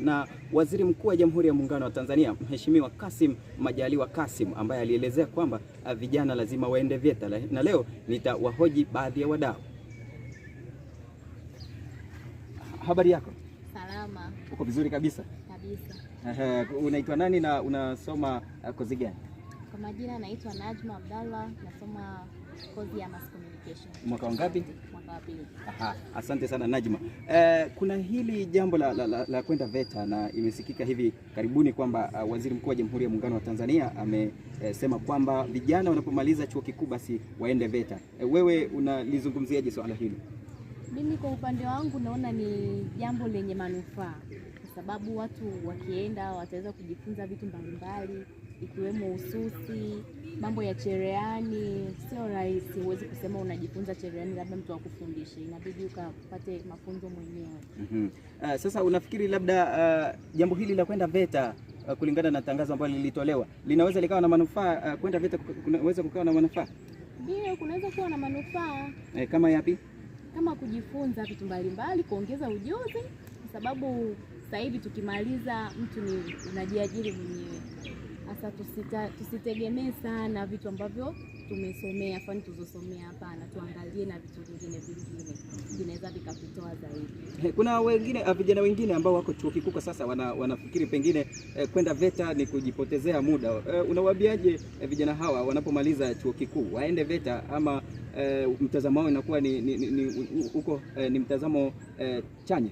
na Waziri Mkuu wa Jamhuri ya Muungano wa Tanzania Mheshimiwa Kassim Majaliwa Kassim ambaye alielezea kwamba ah, vijana lazima waende VETA, na leo nitawahoji baadhi ya wadau. Habari yako? Salama. Uko vizuri kabisa? Kabisa. unaitwa nani na unasoma ah, kozi gani? Kwa majina naitwa Najma Abdallah, nasoma kozi ya Mass Communication. Mwaka wangapi? Aha, asante sana Najma. Eh, kuna hili jambo la, la, la, la kwenda VETA na imesikika hivi karibuni kwamba uh, Waziri Mkuu wa Jamhuri ya Muungano wa Tanzania amesema eh, kwamba vijana wanapomaliza chuo kikuu basi waende VETA. Eh, wewe unalizungumziaje swala hili? Mimi kwa upande wangu naona ni jambo lenye manufaa kwa sababu watu wakienda wataweza kujifunza vitu mbalimbali ikiwemo ususi, mambo ya cherehani. Sio rahisi, huwezi kusema unajifunza cherehani labda mtu akufundishe, inabidi ukapate mafunzo mwenyewe. mm -hmm. Uh, sasa unafikiri labda uh, jambo hili la kwenda VETA uh, kulingana na tangazo ambalo lilitolewa linaweza likawa na manufaa uh, kwenda VETA kunaweza kukawa na manufaa? Ndio, kunaweza kuwa na manufaa eh, kama yapi? Kama kujifunza vitu mbalimbali, kuongeza ujuzi, kwa sababu sasa hivi tukimaliza mtu ni unajiajiri mwenyewe sasa tusitegemee sana vitu ambavyo tumesomea fani tuzosomea, hapana, tuangalie na vitu vingine vingine vinaweza vikatutoa zaidi. Eh, kuna wengine ah, vijana wengine ambao wako chuo kikuu kwa sasa wana, wanafikiri pengine eh, kwenda VETA ni kujipotezea muda eh, unawaambiaje eh, vijana hawa wanapomaliza chuo kikuu waende VETA ama eh, mtazamo wao inakuwa ni, ni, ni, ni, uko, eh, ni mtazamo eh, chanya?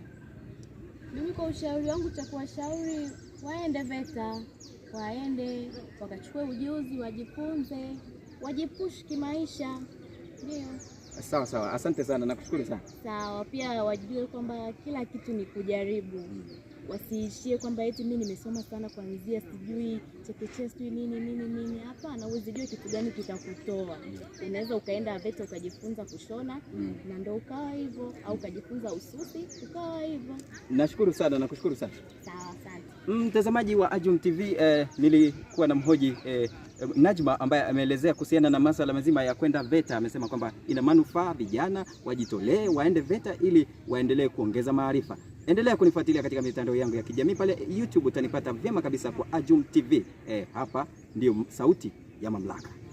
Mimi kwa ushauri wangu cha kuwashauri waende VETA waende wakachukue ujuzi, wajifunze, wajipush kimaisha. Ndio. Sawa sawa, asante sana, nakushukuru sana. Sawa, pia wajue kwamba kila kitu ni kujaribu, wasiishie kwamba eti mimi nimesoma sana kuanzia sijui chekechea sijui nini nini nini. Hapana, jua kitu gani kitakutoa. Unaweza ukaenda VETA ukajifunza kushona mm, na ndo ukawa hivyo, au ukajifunza ususi ukawa hivyo. Nashukuru sana, nakushukuru sana. Sawa sawa. Mm, mtazamaji wa AJUM TV eh, nilikuwa na mhoji eh, Najma ambaye ameelezea kuhusiana na masuala mazima ya kwenda VETA. Amesema kwamba ina manufaa, vijana wajitolee waende VETA ili waendelee kuongeza maarifa. Endelea kunifuatilia katika mitandao yangu ya kijamii pale YouTube, utanipata vyema kabisa kwa AJUM TV. Eh, hapa ndio sauti ya mamlaka.